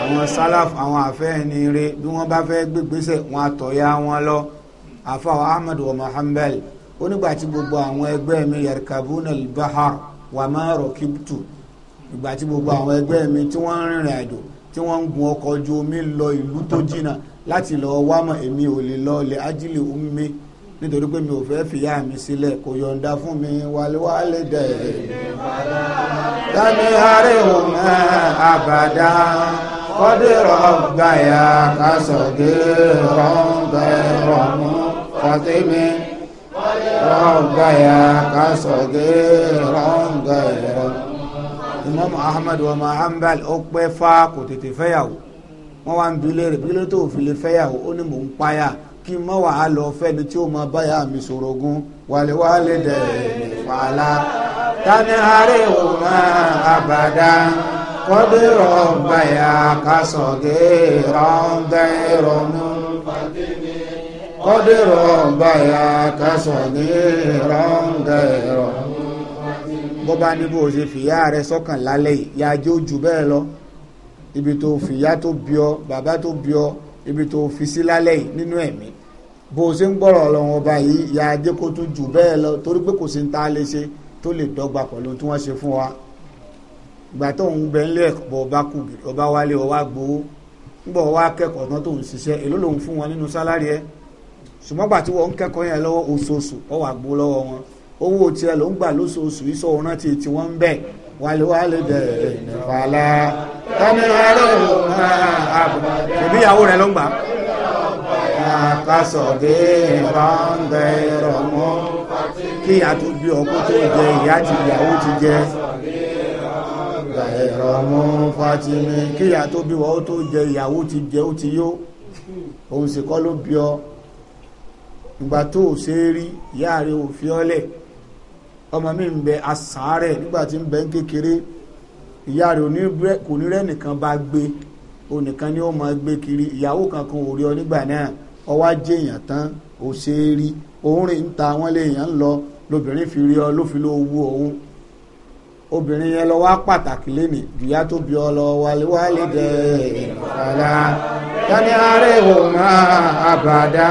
àwọn sálàf àwọn àfẹ́ẹ̀ni rẹ bí wọ́n bá fẹ́ gbégbésẹ̀ wọn àtọ̀yà wọn lọ àfàwọn ahmed wa muhammed onígbàtí gbogbo àwọn ẹgbẹ́ mi yarkabuna al-bahar wa ma rokibtu ìgbà tí gbogbo àwọn ẹgbẹ́ mi tí wọ́n ń rìnrìn àjò tí wọ́n ń gun ọkọ̀ ojú omi lọ ìlú tó jìnnà láti lọ wá mọ̀ èmi ò lè lọ ilẹ̀ ajílẹ̀ omi nítorí pé mi ò fẹ́ fìyà mi sílẹ̀ kò yọ̀ǹda fún mi wàléwàlé dẹ̀rẹ̀. dáni àríwọ̀n àbàdà kọ́dìrọ̀ gbàyà kásọ̀gé rọ̀ǹbẹ̀rọ̀ mú fọ́tími kọ́dìrọ̀ gbàyà kásọ̀gé rọ̀ǹbẹ̀rọ̀ imam ahmed wa mahambal ó pẹ́ fá kò tètè fẹ́yàwó wọ́n wá ń bi léèrè bí ló tó fi lè fẹ́yàwó ó ní mò ń payà kí n mọ́ wàá lọ fẹ́ni tí ó máa báyà mi ṣòrogún wàléwàlé dẹ̀rẹ̀ fàlà tani àárẹ̀ ò máa àbàdà kọ́dúrọ̀ bàyà kásọ̀gẹ́ rọ́ńdẹ́ rọ́nú kọ́dúrọ̀ bàyà kásọ̀gẹ́ rọ́ńdẹ́ bọ́ bá ní bó o ṣe fìyà rẹ sọ́kàn lálẹ́ yìí yá jẹ́ ojú bẹ́ẹ̀ lọ ibi tó fìyà tó bí ọ bàbá tó bí ọ ibi tó fi sí lálẹ́ yìí nínú ẹ̀mí bó o ṣe ń gbọ́rọ̀ ọlọ́run ọba yìí yá jẹ́ kó tún jù bẹ́ẹ̀ lọ torí pé kò sí ń ta lè ṣe tó lè dọ́gba pẹ̀lú tí wọ́n ṣe fún wa ìgbà tó ń bẹ nílé ẹ̀kọ́ ọba kù ọba wálé ọwá gbowó ńgbọ̀ wá kẹ́kọ̀ọ́ tán tó ń ṣiṣẹ́ èló lòun fún wọn nínú sálárì ẹ̀ ṣùgbọ́n gbà tí wọ́n ń kẹ́kọ̀ọ́ yẹn lọ́wọ́ oṣooṣù ọwà gbowó lọ́wọ́ wọn owó tirẹ̀ ló ń gbà lóṣooṣù iṣẹ́ òun rántí tí wọ́n ń bẹ̀ wálé wálé dẹ̀rẹ̀ nìfàlà tọ́míràrọ̀ máa àbùkù ìbí ìyàwó rẹ̀ ló ń gbà. àkàsọ̀gé ìbáǹdẹ̀ rọ̀mọ́ kí ìyá tó bí ọkọ tó jẹ ìyá ti ìyàwó ti jẹ rọ̀mọ́ fatimi kí ìyá bí wọ́n tó jẹ ìyàwó ti jẹ ó ti yó òun sì kọ́ ló bí ọ ìgbà tó ò ṣe é rí ìyá rẹ̀ ò fi ọ́ lẹ̀ ọmọ mi ń bẹ àsàárẹ̀ nígbà tí ń bẹ ń kékeré ìyá rẹ̀ kò ní rẹ́ nìkan bá gbé onìkan ni ó máa gbé kiri ìyàwó kankan ò rí ọ nígbà náà ọwá jẹ́ èèyàn tán ò ṣe é rí òun rìn ń ta wọ́n lé èèyàn ń lọ lobìnrin fi rí ọ ló fi ló wú òun obìnrin yẹn lọ wá pàtàkì lénìí ìyá tó bí ọ lọ wálé wálé dẹ ìfàlà yáni àárẹ̀ òun máa àbàdá.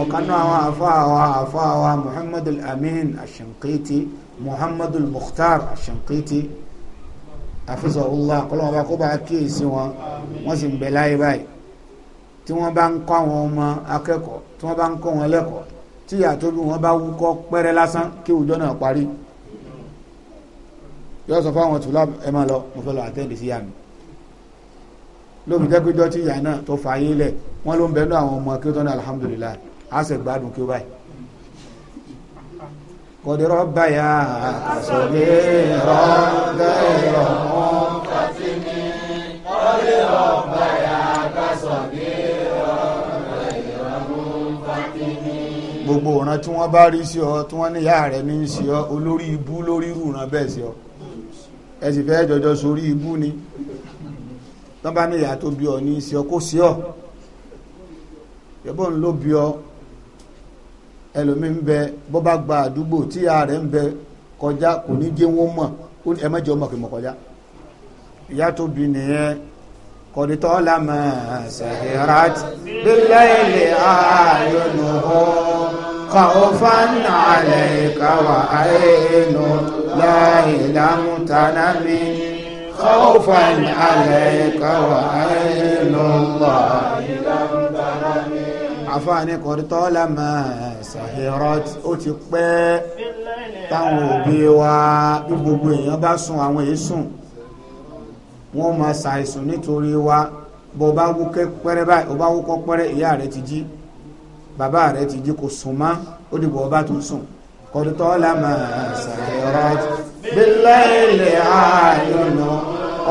ọ̀kan náà àwọn àfáà wa àfáà wa muhammadu amin ashankiti muhammadu mukhtar ashankiti afisahullah kọlọ́wọ́n bá kó bá kíyèsí wọn wọ́n sì ń bẹ láyé báyìí tí wọ́n bá ń kọ́ àwọn ọmọ akẹ́kọ̀ọ́ tí wọ́n bá ń kọ́ wọn lẹ́kọ̀ọ́ tí ìyàtọ̀ bí wọ́n bá wúkọ́ pẹ́rẹ́ lásán kí òjò náà parí yọ sọ fáwọn tùlá ẹ máa lọ mo fẹ́ lọ àtẹ́ǹdì sí ìyá mi lómi jẹ́ pé dọ́tí ìyá náà tó fààyè lẹ̀ wọ́n ló ń bẹnu àwọn ọmọ kí ó tán ní alihamudulilayi á sì gbádùn kí ó báyìí. kọ̀dọ̀rọ̀ báyà àsọ̀gbé rọ̀ bẹ́ẹ̀rọ̀ mọ́ kàtí mi kọ̀dọ̀rọ̀ báyà àsọ̀gbé rọ̀ bẹ́ẹ̀rọ̀ mọ́ kàtí mi. gbogbo ọ̀ràn tí wọ́n bá rí sí ọ tí wọ́n níyà rẹ̀ ní í sí ọ olórí ibú lórí rùràn bẹ́ẹ̀ sí ọ ẹ sì fẹ́ jọjọ sórí ibú ni tọ́ba ní ìyá tó bí ọ ní í sí ọ kó sí ọ yẹ́bọ̀n ló bí ọ ẹlòmí ń bẹ bó bá gba àdúgbò tí ìyá rẹ̀ ń bẹ kọjá kò ní jẹ́ wọ́n mọ̀ ó ní ẹmẹ́jọ ọmọ kì mọ̀ kọjá ìyá tó bí nìyẹn kọ̀dítọ́ lámà sẹ̀hẹ́rát bílẹ̀ ilẹ̀ ààyònù kàófàn àlẹ́ ìkàwà àìyẹnu láìlámùtánàmì kàófàn àlẹ́ ìkàwà àìyẹnu láìlámùtánàmì àfáàní kọ̀rítọ́ lámà sàhírọ́t ó ti pẹ́ táwọn òbí wa bí gbogbo èèyàn bá sùn àwọn èyí sùn wọ́n máa ṣàìsùn nítorí wa bó bá wú pẹ́rẹ́ báyìí ó bá wú kọ́ pẹ́rẹ́ ìyá rẹ̀ ti jí bàbá rẹ̀ ti jí kò sùn mọ́ ó dìbò ọba tó sùn kọ̀rítọ́ lámà sàhírọ́t bí lẹ́yìn àyọ̀nà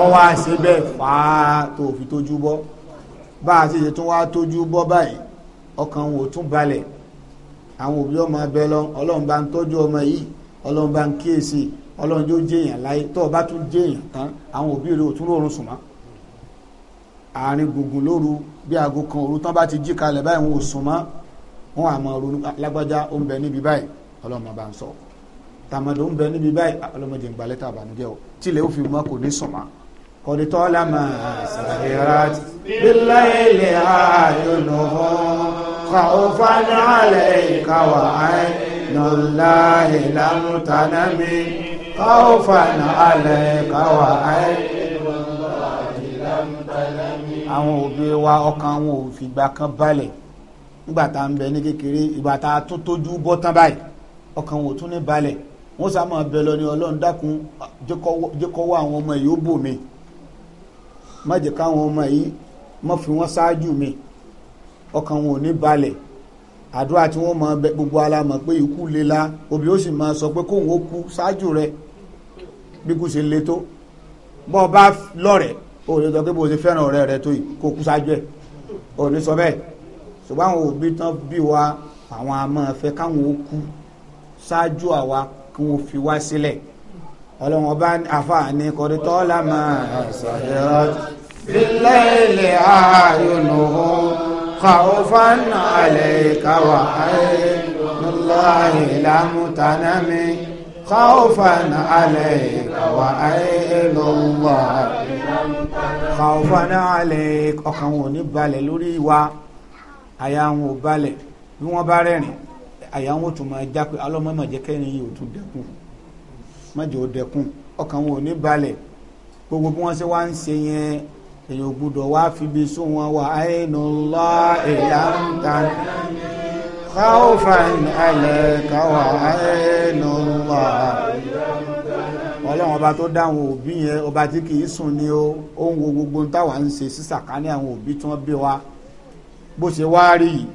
ọwọ́ àṣẹ bẹ́ẹ̀ fà á tó fi tójú bọ́ bá a ti ṣe tún wá tójú bọ́ báyìí ọkàn wọn ò tún balẹ̀ àwọn òbí ọmọ abẹ lọ ọlọ́run bá ń tọ́jú ọmọ yìí ọlọ́run bá ń kíyèsí ọlọ́run yóò jẹ́yàn láyé tó o bá tún jẹ́yàn tán àwọn òbí rẹ ò tún lóorun sùn mọ́ àárín gbùngbùn lóru bí aago kan òru tán bá ti jí kalẹ̀ báyìí wọn ò sùn mọ́ wọn àmọ́ ronú ah, lágbájá ó ń bẹ níbi báyìí ọlọ́run bá ń sọ tàmọ̀dọ̀ ń bẹ níbi báyìí ah, ọlọ́mọdé ń gbalẹ́ta àbànújẹ́ o tílẹ̀ ó fi mọ́ kò ní sùn mọ́ kọ́ni tọ́lá máa ṣàfihàn bíláìlì àyọ̀nù hàn. خوفا عليك وعين الله لم تنمي خوفا عليك وعين الله لم تنمي àwọn òbí wa ọkàn wọn ò fìgbà kan balẹ̀ nígbà tá à ń bẹ ní kékeré ìgbà tá a tún tójú bọ́ tán báyìí ọkàn wọn ò tún ní balẹ̀ wọn sá máa bẹ lọ ní ọlọ́run dákun jẹ́kọ́wọ́ àwọn ọmọ yìí ó bò mí má jẹ́ káwọn ọmọ yìí má fi wọ́n ṣáájú mi ọkàn wọn ò ní balẹ̀ àdúrà tí wọ́n máa bẹ gbogbo alamọ̀ pé ikú lela òbí ó sì máa sọ pé kóun ó kú ṣáájú rẹ bí kú ṣe le tó bọ́ ọ bá lọ́rẹ̀ o lè sọ pé bó ṣe fẹ́ràn ọ̀rẹ́ rẹ tó yìí kó kú ṣáájú ẹ̀ o lè sọ bẹ́ẹ̀ ṣùgbọ́n àwọn òbí tán bí wa àwọn a máa káwọn ó kú ṣáájú àwa kí wọ́n fi wá sílẹ̀ ọlọ́run ọba àfààní kọ́rítọ́ lámà ṣàdẹ̀rọ̀ bílẹ̀ ilẹ̀ خوفا عليك وعين الله لم تنم خوفا عليك وعين الله خوفا عليك ọkàn wọn ò ní balẹ̀ lórí ìwà àyà wọn ò balẹ̀ bí wọ́n bá rẹ́rìn àyà wọn ò tún máa já pé ọlọ́mọ má jẹ́ kẹ́rin yìí ò tún dẹ́kun má jẹ́ ò dẹ́kun ọkàn wọn ò ní balẹ̀ gbogbo bí wọ́n ṣe wá ń ṣe yẹn èyàn gbúdọ̀ wá fibi sún wọn wà àìnù lọ èyà ń ta káwọ́fàn alẹ́ káwọ́ àìnù lọ. ọlọ́run ọba tó dáhùn òbí yẹn ọba tí kì í sùn ni ó ń wo gbogbo táwa ń ṣe sísàkánì àwọn òbí tí wọ́n bí wa bó ṣe wá rí yìí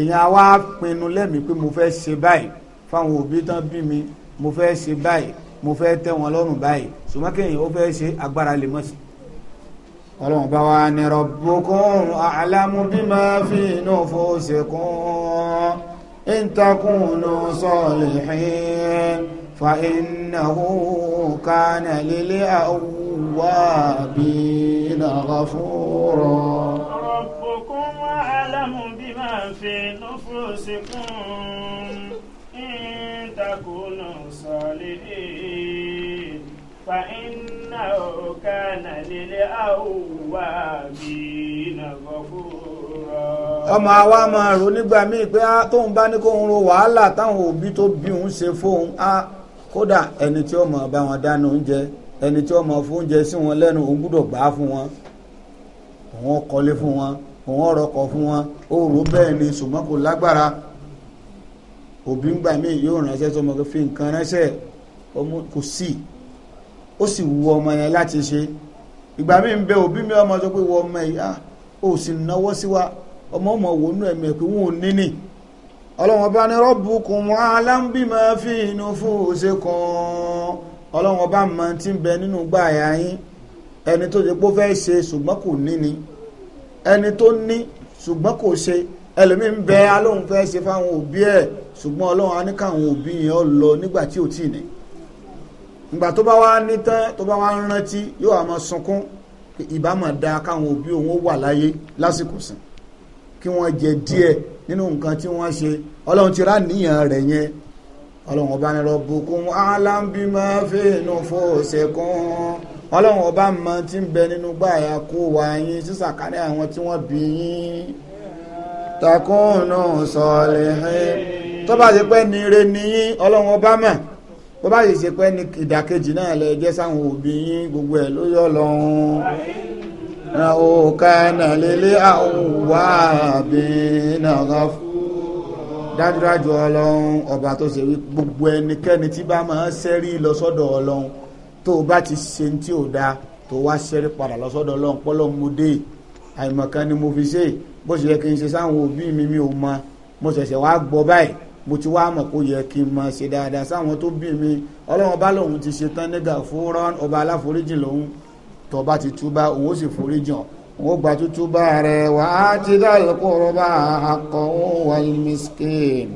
èyàn wá pinnu lẹ́mìí pé mo fẹ́ ṣe báyìí fáwọn òbí tán bí mi mo fẹ́ ṣe báyìí mo fẹ́ tẹ́ wọn lọ́rùn báyìí ṣùgbọ́n kéèyàn ó fẹ́ ṣe agbára lè mọ̀ sí i ọlọ́run bá wa ní rabbukum a'lamu bima fi nufusikum in takunu salihin fa innahu kana lil awwabina ghafura. rabbukum a'lamu bima fi nufusikum in takunu salihin fa innahu. إنه كان للأوابين غفورا ọmọ àwa máa rò nígbà míì pé á ah, tóun bá ní kó kóun ro wàhálà táwọn òbí tó bí òun ṣe fóun á ah, kódà ẹni tí ó mọ̀ bá wọn dáná oúnjẹ ẹni tí ọmọ mọ̀ fún oúnjẹ sí wọn lẹ́nu òun gbúdọ̀ gbà á fún wọn òun kọ́lé fún wọn òun ọ̀rọ̀kọ̀ fún wọn ó rò bẹ́ẹ̀ ni ṣùgbọ́n kò lágbára òbí ńgbà míì yóò ránṣẹ́ sọmọ fi nǹkan ránṣẹ́ kò sí ó sì wu ọmọ yẹn láti ṣe ìgbà mi ń bẹ òbí mi ọmọ sọ pé wọ ọmọ yìí ah ó sì náwó sí wa ọmọ ọmọ wò nú ẹ̀mí ẹ̀ pé wọn ò ní nì ọlọ́wọ́n bá ní rabbukum alámbímọ fi inú fún òṣè kan ọlọ́wọ́n bá mọ tí ń bẹ nínú gbàyà yín ẹni tó ṣe pé ó fẹ́ ṣe ṣùgbọ́n kò ní ni ẹni tó ní ṣùgbọ́n kò ṣe ẹlòmí ń bẹ alóhùn fẹ́ ṣe fáwọn òbí ẹ̀ ṣùgbọ́n ọlọ́run á ní káwọn òbí yẹn lọ nígbà tí ò tí ì ní ìgbà tó bá wá ní tán tó bá wá rántí yóò wá máa sunkún ìbámọ̀ da káwọn òbí òun ó wà láyé lásìkò sìn kí wọ́n jẹ díẹ̀ nínú nǹkan tí wọ́n ṣe ọlọ́run ti rá níyàn rẹ̀ yẹn ọlọ́run ọba ní rọ̀bùkún aláǹbí máa fi inú ọba mọ tí ń bẹ nínú gbàyà kó wá yín sísàkánì àwọn tí wọ́n bí yín takùnù sọ̀lẹ̀ tó bá ti pẹ́ ní ire ní yín ọlọ́run ọba mọ̀ tó bá sì ṣe pé ní ìdàkejì náà lẹ jẹ́ sáwọn òbí yín gbogbo ẹ̀ ló yọ lọ́hún ra òkà náà lélẹ́ àwòwá àbí náà dájúdájú ọlọ́run ọba tó ṣe wí gbogbo ẹnikẹ́ni tí bá máa ṣẹ́rí lọ sọ́dọ̀ tó o bá ti ṣe tí ò dáa tó wá ṣẹ́rí padà lọ sọ́dọ̀ ọlọ́run pọ́lọ́ mo dé àìmọ̀kan ni mo fi ṣe bó ṣe yẹ kí n ṣe sáwọn òbí mi mi ò mọ mo ṣẹ̀ṣẹ̀ wá gbọ́ báyìí mo ti wá mọ̀ kó yẹ kí n máa ṣe dáadáa sáwọn tó bí mi ọlọ́run bá lòun ti ṣetán nígbà fúnrán ọba aláforíjì lòun tó ti túbá òun ó sì foríjì òun ó gba tútúbá rẹ wà á ti dàlù kó rọba àkọ́ wà ní miskin.